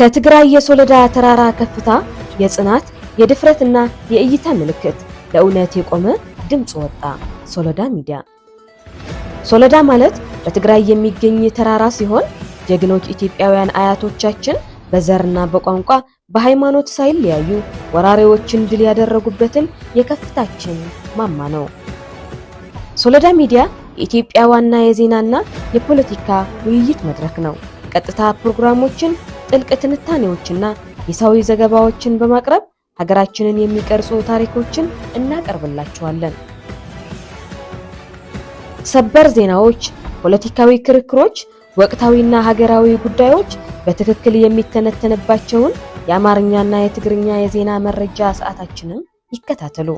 ከትግራይ የሶለዳ ተራራ ከፍታ የጽናት የድፍረትና የእይታ ምልክት ለእውነት የቆመ ድምፅ ወጣ። ሶለዳ ሚዲያ። ሶለዳ ማለት በትግራይ የሚገኝ ተራራ ሲሆን ጀግኖች ኢትዮጵያውያን አያቶቻችን በዘርና በቋንቋ በሃይማኖት ሳይለያዩ ወራሪዎችን ድል ያደረጉበትም የከፍታችን ማማ ነው። ሶለዳ ሚዲያ የኢትዮጵያ ዋና የዜናና የፖለቲካ ውይይት መድረክ ነው። ቀጥታ ፕሮግራሞችን ጥልቅ ትንታኔዎችና የሳዊ ዘገባዎችን በማቅረብ ሀገራችንን የሚቀርጹ ታሪኮችን እናቀርብላችኋለን። ሰበር ዜናዎች፣ ፖለቲካዊ ክርክሮች፣ ወቅታዊና ሀገራዊ ጉዳዮች በትክክል የሚተነተንባቸውን የአማርኛና የትግርኛ የዜና መረጃ ሰዓታችንን ይከታተሉ።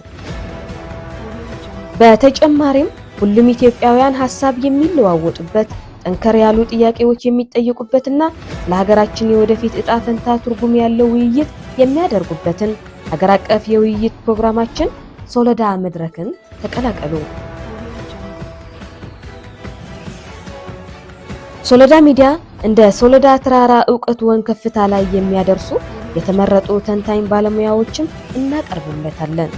በተጨማሪም ሁሉም ኢትዮጵያውያን ሀሳብ የሚለዋወጡበት ጠንከር ያሉ ጥያቄዎች የሚጠየቁበትና ለሀገራችን የወደፊት እጣ ፈንታ ትርጉም ያለው ውይይት የሚያደርጉበትን ሀገር አቀፍ የውይይት ፕሮግራማችን ሶለዳ መድረክን ተቀላቀሉ። ሶለዳ ሚዲያ እንደ ሶለዳ ተራራ እውቀት ወን ከፍታ ላይ የሚያደርሱ የተመረጡ ተንታኝ ባለሙያዎችን እናቀርብለታለን።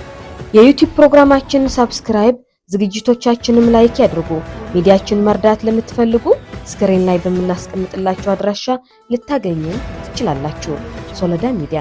የዩቲዩብ ፕሮግራማችን ሰብስክራይብ ዝግጅቶቻችንም ላይክ ያድርጉ። ሚዲያችን መርዳት ለምትፈልጉ ስክሪን ላይ በምናስቀምጥላችሁ አድራሻ ልታገኙ ትችላላችሁ። ሶለዳ ሚዲያ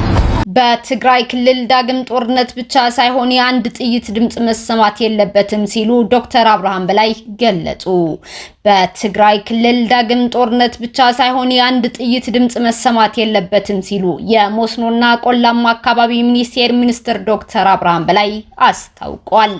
በትግራይ ክልል ዳግም ጦርነት ብቻ ሳይሆን የአንድ ጥይት ድምፅ መሰማት የለበትም ሲሉ ዶክተር አብርሃም በላይ ገለጹ። በትግራይ ክልል ዳግም ጦርነት ብቻ ሳይሆን የአንድ ጥይት ድምፅ መሰማት የለበትም ሲሉ የመስኖና ቆላማ አካባቢ ሚኒስቴር ሚኒስትር ዶክተር አብርሃም በላይ አስታውቋል።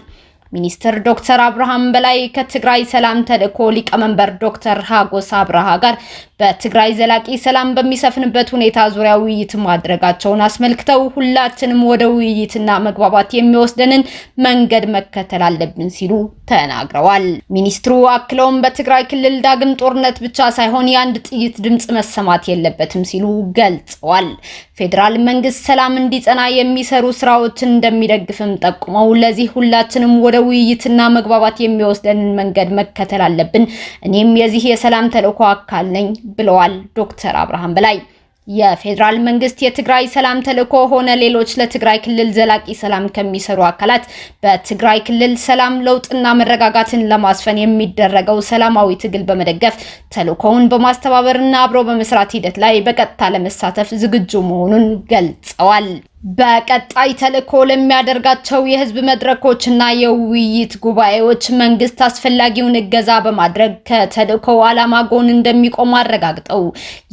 ሚኒስትር ዶክተር አብርሃም በላይ ከትግራይ ሰላም ተልእኮ ሊቀመንበር ዶክተር ሀጎስ አብርሃ ጋር በትግራይ ዘላቂ ሰላም በሚሰፍንበት ሁኔታ ዙሪያ ውይይት ማድረጋቸውን አስመልክተው ሁላችንም ወደ ውይይትና መግባባት የሚወስደንን መንገድ መከተል አለብን ሲሉ ተናግረዋል። ሚኒስትሩ አክለውም በትግራይ ክልል ዳግም ጦርነት ብቻ ሳይሆን የአንድ ጥይት ድምፅ መሰማት የለበትም ሲሉ ገልጸዋል። ፌዴራል መንግስት ሰላም እንዲጸና የሚሰሩ ስራዎችን እንደሚደግፍም ጠቁመው ለዚህ ሁላችንም ወደ ውይይትና መግባባት የሚወስደንን መንገድ መከተል አለብን፣ እኔም የዚህ የሰላም ተልእኮ አካል ነኝ ብለዋል ዶክተር አብርሃም በላይ። የፌዴራል መንግስት የትግራይ ሰላም ተልዕኮ ሆነ ሌሎች ለትግራይ ክልል ዘላቂ ሰላም ከሚሰሩ አካላት በትግራይ ክልል ሰላም ለውጥና መረጋጋትን ለማስፈን የሚደረገው ሰላማዊ ትግል በመደገፍ ተልዕኮውን በማስተባበርና አብሮ በመስራት ሂደት ላይ በቀጥታ ለመሳተፍ ዝግጁ መሆኑን ገልጸዋል። በቀጣይ ተልእኮ ለሚያደርጋቸው የህዝብ እና የውይይት ጉባኤዎች መንግስት አስፈላጊውን እገዛ በማድረግ ከተልእኮው ዓላማ ጎን እንደሚቆም አረጋግጠው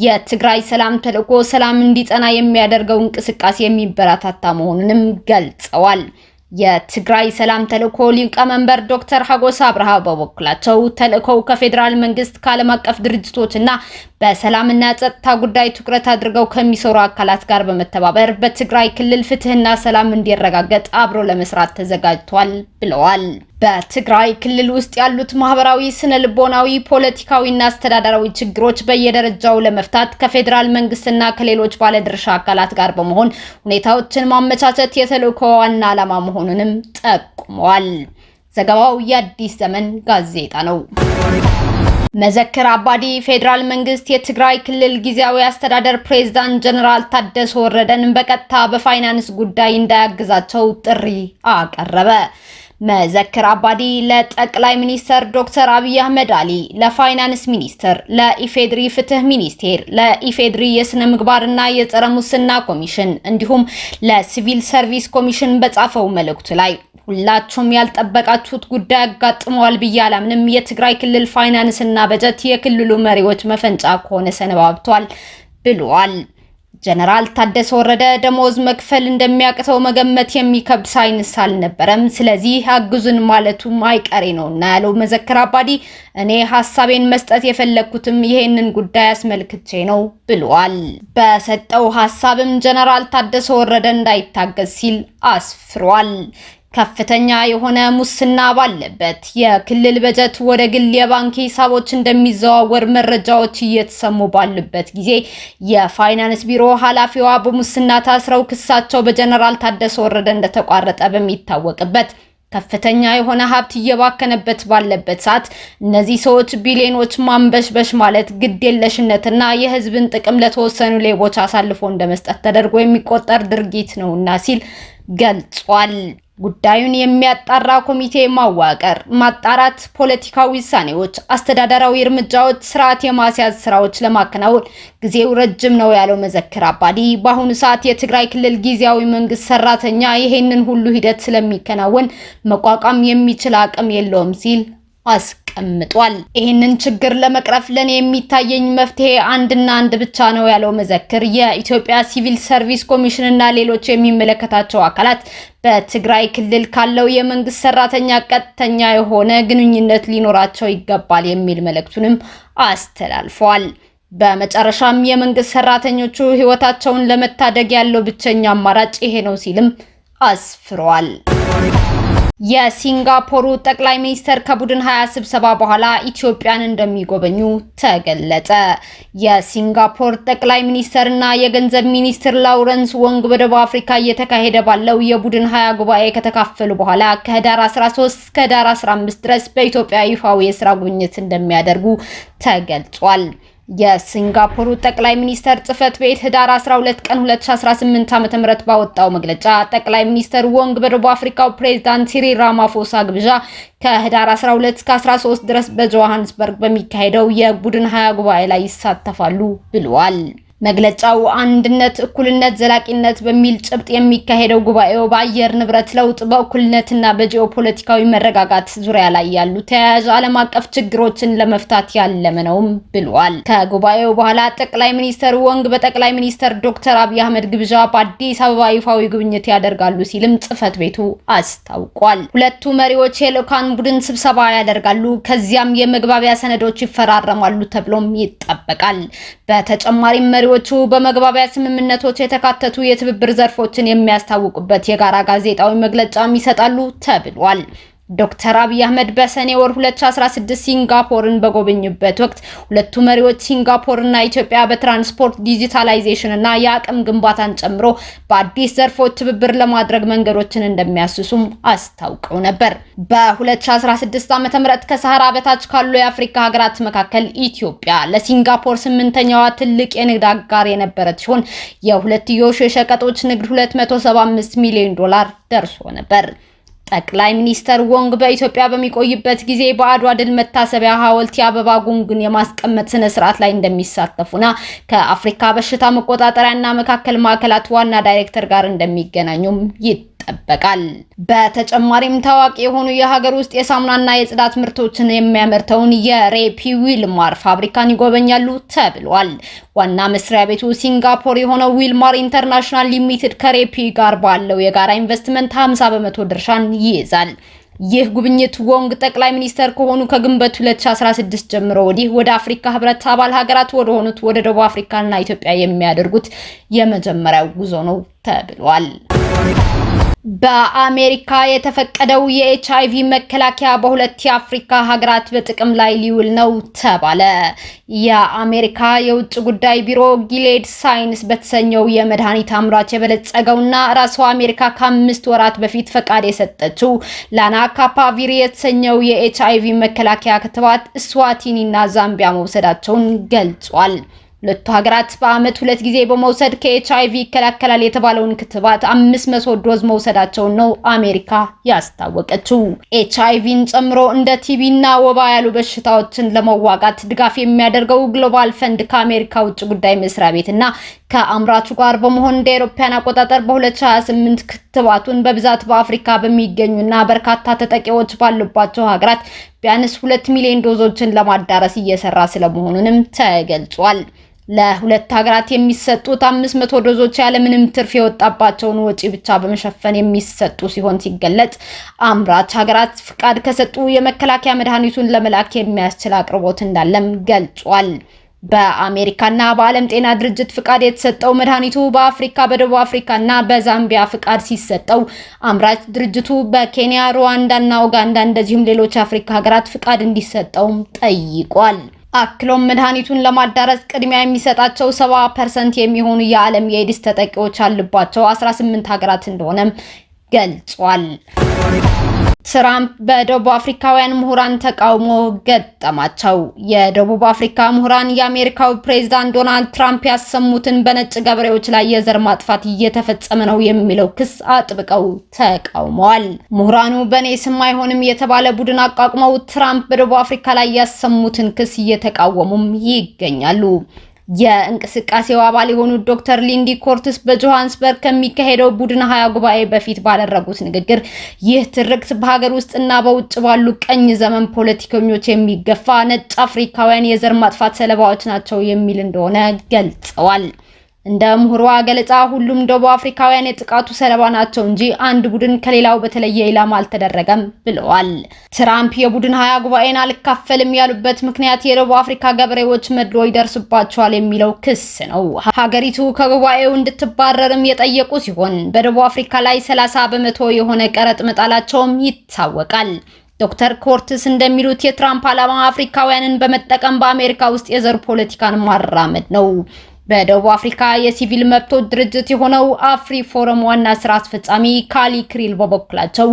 የትግራይ ሰላም ተልእኮ ሰላም እንዲጸና የሚያደርገው እንቅስቃሴ የሚበረታታ መሆኑንም ገልጸዋል። የትግራይ ሰላም ተልእኮ ሊቀመንበር ዶክተር ሀጎስ አብርሃ በበኩላቸው ተልእኮው ከፌዴራል መንግስት ከዓለም አቀፍ ድርጅቶችና በሰላምና ጸጥታ ጉዳይ ትኩረት አድርገው ከሚሰሩ አካላት ጋር በመተባበር በትግራይ ክልል ፍትህና ሰላም እንዲረጋገጥ አብሮ ለመስራት ተዘጋጅቷል ብለዋል። በትግራይ ክልል ውስጥ ያሉት ማህበራዊ፣ ስነ ልቦናዊ፣ ፖለቲካዊና አስተዳደራዊ ችግሮች በየደረጃው ለመፍታት ከፌዴራል መንግስትና ከሌሎች ባለድርሻ አካላት ጋር በመሆን ሁኔታዎችን ማመቻቸት የተልእኮ ዋና ዓላማ መሆኑንም ጠቁመዋል። ዘገባው የአዲስ ዘመን ጋዜጣ ነው። መዘክር አባዲ ፌዴራል መንግስት የትግራይ ክልል ጊዜያዊ አስተዳደር ፕሬዝዳንት ጀነራል ታደሰ ወረደን በቀጥታ በፋይናንስ ጉዳይ እንዳያግዛቸው ጥሪ አቀረበ። መዘክር አባዲ ለጠቅላይ ሚኒስተር ዶክተር አብይ አህመድ አሊ፣ ለፋይናንስ ሚኒስትር፣ ለኢፌድሪ ፍትህ ሚኒስቴር፣ ለኢፌድሪ የስነ ምግባርና የጸረ ሙስና ኮሚሽን እንዲሁም ለሲቪል ሰርቪስ ኮሚሽን በጻፈው መልእክቱ ላይ ሁላችሁም ያልጠበቃችሁት ጉዳይ አጋጥመዋል ብዬ አላምንም። የትግራይ ክልል ፋይናንስና በጀት የክልሉ መሪዎች መፈንጫ ከሆነ ሰነባብቷል ብለዋል። ጀነራል ታደሰ ወረደ ደሞዝ መክፈል እንደሚያቅተው መገመት የሚከብድ ሳይንስ አልነበረም። ስለዚህ አግዙን ማለቱም አይቀሬ ነውና ያለው መዘክር አባዲ እኔ ሀሳቤን መስጠት የፈለግኩትም ይሄንን ጉዳይ አስመልክቼ ነው ብሏል። በሰጠው ሀሳብም ጀነራል ታደሰ ወረደ እንዳይታገዝ ሲል አስፍሯል። ከፍተኛ የሆነ ሙስና ባለበት የክልል በጀት ወደ ግል የባንክ ሂሳቦች እንደሚዘዋወር መረጃዎች እየተሰሙ ባሉበት ጊዜ የፋይናንስ ቢሮ ኃላፊዋ በሙስና ታስረው ክሳቸው በጀነራል ታደሰ ወረደ እንደተቋረጠ በሚታወቅበት ከፍተኛ የሆነ ሀብት እየባከነበት ባለበት ሰዓት እነዚህ ሰዎች ቢሊዮኖች ማንበሽበሽ ማለት ግዴለሽነትና የሕዝብን ጥቅም ለተወሰኑ ሌቦች አሳልፎ እንደመስጠት ተደርጎ የሚቆጠር ድርጊት ነውና ሲል ገልጿል። ጉዳዩን የሚያጣራ ኮሚቴ ማዋቀር፣ ማጣራት፣ ፖለቲካዊ ውሳኔዎች፣ አስተዳደራዊ እርምጃዎች፣ ስርዓት የማስያዝ ስራዎች ለማከናወን ጊዜው ረጅም ነው ያለው መዘክር አባዲ በአሁኑ ሰዓት የትግራይ ክልል ጊዜያዊ መንግስት ሰራተኛ ይሄንን ሁሉ ሂደት ስለሚከናወን መቋቋም የሚችል አቅም የለውም ሲል አስቀምጧል። ይህንን ችግር ለመቅረፍ ለኔ የሚታየኝ መፍትሄ አንድና አንድ ብቻ ነው ያለው መዘክር የኢትዮጵያ ሲቪል ሰርቪስ ኮሚሽንና ሌሎች የሚመለከታቸው አካላት በትግራይ ክልል ካለው የመንግስት ሰራተኛ ቀጥተኛ የሆነ ግንኙነት ሊኖራቸው ይገባል የሚል መልእክቱንም አስተላልፏል። በመጨረሻም የመንግስት ሰራተኞቹ ህይወታቸውን ለመታደግ ያለው ብቸኛ አማራጭ ይሄ ነው ሲልም አስፍሯል። የሲንጋፖሩ ጠቅላይ ሚኒስተር ከቡድን ሀያ ስብሰባ በኋላ ኢትዮጵያን እንደሚጎበኙ ተገለጸ። የሲንጋፖር ጠቅላይ ሚኒስተር እና የገንዘብ ሚኒስትር ላውረንስ ወንግ በደቡብ አፍሪካ እየተካሄደ ባለው የቡድን ሀያ ጉባኤ ከተካፈሉ በኋላ ከህዳር 13 እስከ ህዳር 15 ድረስ በኢትዮጵያ ይፋዊ የስራ ጉብኝት እንደሚያደርጉ ተገልጿል። የሲንጋፖሩ ጠቅላይ ሚኒስተር ጽህፈት ቤት ህዳር 12 ቀን 2018 ዓ.ም ባወጣው መግለጫ ጠቅላይ ሚኒስተር ወንግ በደቡብ አፍሪካው ፕሬዝዳንት ሲሪል ራማፎሳ ግብዣ ከህዳር 12 እስከ 13 ድረስ በጆሃንስበርግ በሚካሄደው የቡድን ሀያ ጉባኤ ላይ ይሳተፋሉ ብለዋል። መግለጫው አንድነት፣ እኩልነት፣ ዘላቂነት በሚል ጭብጥ የሚካሄደው ጉባኤው በአየር ንብረት ለውጥ፣ በእኩልነትና በጂኦፖለቲካዊ መረጋጋት ዙሪያ ላይ ያሉ ተያያዥ ዓለም አቀፍ ችግሮችን ለመፍታት ያለመ ነውም ብሏል። ከጉባኤው በኋላ ጠቅላይ ሚኒስተር ወንግ በጠቅላይ ሚኒስተር ዶክተር አብይ አህመድ ግብዣ በአዲስ አበባ ይፋዊ ጉብኝት ያደርጋሉ ሲልም ጽህፈት ቤቱ አስታውቋል። ሁለቱ መሪዎች የልዑካን ቡድን ስብሰባ ያደርጋሉ፣ ከዚያም የመግባቢያ ሰነዶች ይፈራረማሉ ተብሎም ይጠበቃል። በተጨማሪም መሪ መሪዎቹ በመግባቢያ ስምምነቶች የተካተቱ የትብብር ዘርፎችን የሚያስታውቁበት የጋራ ጋዜጣዊ መግለጫም ይሰጣሉ ተብሏል። ዶክተር አብይ አህመድ በሰኔ ወር 2016 ሲንጋፖርን በጎበኙበት ወቅት ሁለቱ መሪዎች ሲንጋፖርና ኢትዮጵያ በትራንስፖርት ዲጂታላይዜሽን እና የአቅም ግንባታን ጨምሮ በአዲስ ዘርፎች ትብብር ለማድረግ መንገዶችን እንደሚያስሱም አስታውቀው ነበር። በ2016 ዓ.ም ከሰሃራ በታች ካሉ የአፍሪካ ሀገራት መካከል ኢትዮጵያ ለሲንጋፖር ስምንተኛዋ ትልቅ የንግድ አጋር የነበረች ሲሆን የሁለትዮሽ የሸቀጦች ንግድ 275 ሚሊዮን ዶላር ደርሶ ነበር። ጠቅላይ ሚኒስተር ወንግ በኢትዮጵያ በሚቆይበት ጊዜ በአድዋ ድል መታሰቢያ ሐውልት የአበባ ጉንጉን የማስቀመጥ ስነ ስርዓት ላይ እንደሚሳተፉና ከአፍሪካ በሽታ መቆጣጠሪያና መካከል ማዕከላት ዋና ዳይሬክተር ጋር እንደሚገናኙም ይጠበቃል። በተጨማሪም ታዋቂ የሆኑ የሀገር ውስጥ የሳሙናና የጽዳት ምርቶችን የሚያመርተውን የሬፒ ዊልማር ፋብሪካን ይጎበኛሉ ተብሏል። ዋና መስሪያ ቤቱ ሲንጋፖር የሆነው ዊልማር ኢንተርናሽናል ሊሚትድ ከሬፒ ጋር ባለው የጋራ ኢንቨስትመንት 50 በመቶ ድርሻን ይይዛል። ይህ ጉብኝት ወንግ ጠቅላይ ሚኒስተር ከሆኑ ከግንቦት 2016 ጀምሮ ወዲህ ወደ አፍሪካ ህብረት አባል ሀገራት ወደ ሆኑት ወደ ደቡብ አፍሪካና ኢትዮጵያ የሚያደርጉት የመጀመሪያው ጉዞ ነው ተብሏል። በአሜሪካ የተፈቀደው የኤች ቪ መከላከያ በሁለት የአፍሪካ ሀገራት በጥቅም ላይ ሊውል ነው ተባለ። የአሜሪካ የውጭ ጉዳይ ቢሮ ጊሌድ ሳይንስ በተሰኘው የመድኃኒት አምራች የበለጸገውና ራሷ አሜሪካ ከአምስት ወራት በፊት ፈቃድ የሰጠችው ላናካፓቪር የተሰኘው የኤች አይቪ መከላከያ ክትባት እስዋቲኒ እና ዛምቢያ መውሰዳቸውን ገልጿል። ሁለቱ ሀገራት በአመት ሁለት ጊዜ በመውሰድ ከኤች ቪ ይከላከላል የተባለውን ክትባት አምስት መቶ ዶዝ መውሰዳቸውን ነው አሜሪካ ያስታወቀችው። ኤች ቪን ጨምሮ እንደ ቲቪ እና ወባ ያሉ በሽታዎችን ለመዋጋት ድጋፍ የሚያደርገው ግሎባል ፈንድ ከአሜሪካ ውጭ ጉዳይ መስሪያ ቤት እና ከአምራቹ ጋር በመሆን እንደ አውሮፓውያን አቆጣጠር በ2028 ክትባቱን በብዛት በአፍሪካ በሚገኙ እና በርካታ ተጠቂዎች ባሉባቸው ሀገራት ቢያንስ ሁለት ሚሊዮን ዶዞችን ለማዳረስ እየሰራ ስለመሆኑንም ተገልጿል። ለሁለት ሀገራት የሚሰጡት 500 ዶዞች ያለምንም ትርፍ የወጣባቸውን ወጪ ብቻ በመሸፈን የሚሰጡ ሲሆን ሲገለጽ አምራች ሀገራት ፍቃድ ከሰጡ የመከላከያ መድኃኒቱን ለመላክ የሚያስችል አቅርቦት እንዳለም ገልጿል። በአሜሪካና በዓለም ጤና ድርጅት ፍቃድ የተሰጠው መድኃኒቱ በአፍሪካ በደቡብ አፍሪካና በዛምቢያ ፍቃድ ሲሰጠው አምራች ድርጅቱ በኬንያ፣ ሩዋንዳና ኡጋንዳ እንደዚሁም ሌሎች አፍሪካ ሀገራት ፍቃድ እንዲሰጠውም ጠይቋል። አክሎም መድኃኒቱን ለማዳረስ ቅድሚያ የሚሰጣቸው 70 ፐርሰንት የሚሆኑ የዓለም የኤድስ ተጠቂዎች አሉባቸው 18 ሀገራት እንደሆነም ገልጿል። ስራም በደቡብ አፍሪካውያን ምሁራን ተቃውሞ ገጠማቸው። የደቡብ አፍሪካ ምሁራን የአሜሪካው ፕሬዝዳንት ዶናልድ ትራምፕ ያሰሙትን በነጭ ገበሬዎች ላይ የዘር ማጥፋት እየተፈጸመ ነው የሚለው ክስ አጥብቀው ተቃውመዋል። ምሁራኑ በእኔ ስም አይሆንም የተባለ ቡድን አቋቁመው ትራምፕ በደቡብ አፍሪካ ላይ ያሰሙትን ክስ እየተቃወሙም ይገኛሉ። የእንቅስቃሴው አባል የሆኑት ዶክተር ሊንዲ ኮርትስ በጆሃንስበርግ ከሚካሄደው ቡድን ሀያ ጉባኤ በፊት ባደረጉት ንግግር ይህ ትርክት በሀገር ውስጥና በውጭ ባሉ ቀኝ ዘመን ፖለቲከኞች የሚገፋ ነጭ አፍሪካውያን የዘር ማጥፋት ሰለባዎች ናቸው የሚል እንደሆነ ገልጸዋል። እንደ ምሁሯ ገለጻ ሁሉም ደቡብ አፍሪካውያን የጥቃቱ ሰለባ ናቸው እንጂ አንድ ቡድን ከሌላው በተለየ ኢላማ አልተደረገም ብለዋል። ትራምፕ የቡድን ሀያ ጉባኤን አልካፈልም ያሉበት ምክንያት የደቡብ አፍሪካ ገበሬዎች መድሎ ይደርስባቸዋል የሚለው ክስ ነው። ሀገሪቱ ከጉባኤው እንድትባረርም የጠየቁ ሲሆን በደቡብ አፍሪካ ላይ 30 በመቶ የሆነ ቀረጥ መጣላቸውም ይታወቃል። ዶክተር ኮርትስ እንደሚሉት የትራምፕ ዓላማ አፍሪካውያንን በመጠቀም በአሜሪካ ውስጥ የዘር ፖለቲካን ማራመድ ነው። በደቡብ አፍሪካ የሲቪል መብቶች ድርጅት የሆነው አፍሪ ፎረም ዋና ስራ አስፈጻሚ ካሊ ክሪል በበኩላቸው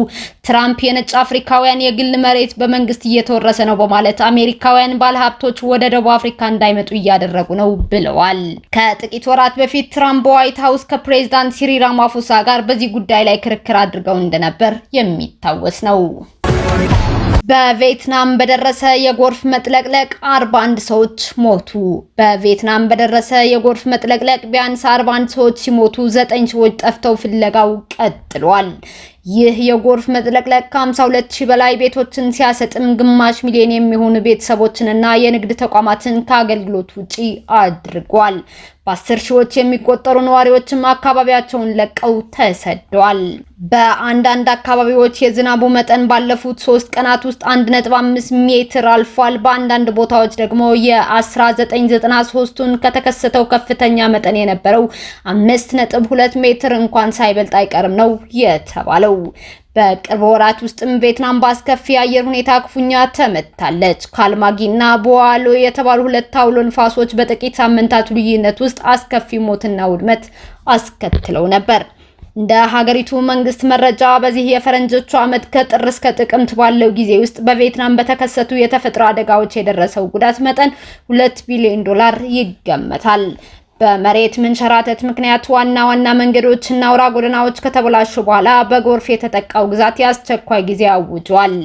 ትራምፕ የነጭ አፍሪካውያን የግል መሬት በመንግስት እየተወረሰ ነው በማለት አሜሪካውያን ባለሀብቶች ወደ ደቡብ አፍሪካ እንዳይመጡ እያደረጉ ነው ብለዋል። ከጥቂት ወራት በፊት ትራምፕ በዋይት ሀውስ ከፕሬዚዳንት ሲሪል ራማፎሳ ጋር በዚህ ጉዳይ ላይ ክርክር አድርገው እንደነበር የሚታወስ ነው። በቪየትናም በደረሰ የጎርፍ መጥለቅለቅ 41 ሰዎች ሞቱ። በቪየትናም በደረሰ የጎርፍ መጥለቅለቅ ቢያንስ 41 ሰዎች ሲሞቱ ዘጠኝ ሰዎች ጠፍተው ፍለጋው ቀጥሏል። ይህ የጎርፍ መጥለቅለቅ ከ52000 በላይ ቤቶችን ሲያሰጥም ግማሽ ሚሊዮን የሚሆኑ ቤተሰቦችንና የንግድ ተቋማትን ከአገልግሎት ውጪ አድርጓል። በአስር ሺዎች የሚቆጠሩ ነዋሪዎችም አካባቢያቸውን ለቀው ተሰደዋል። በአንዳንድ አካባቢዎች የዝናቡ መጠን ባለፉት ሶስት ቀናት ውስጥ 1.5 ሜትር አልፏል። በአንዳንድ ቦታዎች ደግሞ የ1993ቱን ከተከሰተው ከፍተኛ መጠን የነበረው ሁለት ሜትር እንኳን ሳይበልጥ አይቀርም ነው የተባለው። ናቸው። በቅርብ ወራት ውስጥም ቬትናም በአስከፊ የአየር ሁኔታ ክፉኛ ተመታለች። ካልማጊና ቦዋሎ የተባሉ ሁለት አውሎ ንፋሶች በጥቂት ሳምንታት ልዩነት ውስጥ አስከፊ ሞትና ውድመት አስከትለው ነበር። እንደ ሀገሪቱ መንግስት መረጃ በዚህ የፈረንጆቹ ዓመት ከጥር እስከ ጥቅምት ባለው ጊዜ ውስጥ በቬትናም በተከሰቱ የተፈጥሮ አደጋዎች የደረሰው ጉዳት መጠን ሁለት ቢሊዮን ዶላር ይገመታል። በመሬት መንሸራተት ምክንያት ዋና ዋና መንገዶችና አውራ ጎዳናዎች ከተበላሹ በኋላ በጎርፍ የተጠቃው ግዛት የአስቸኳይ ጊዜ አውጇል።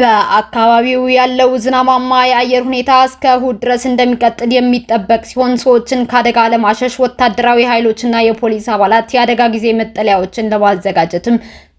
በአካባቢው ያለው ዝናባማ የአየር ሁኔታ እስከ እሁድ ድረስ እንደሚቀጥል የሚጠበቅ ሲሆን ሰዎችን ከአደጋ ለማሸሽ ወታደራዊ ኃይሎችና የፖሊስ አባላት የአደጋ ጊዜ መጠለያዎችን ለማዘጋጀትም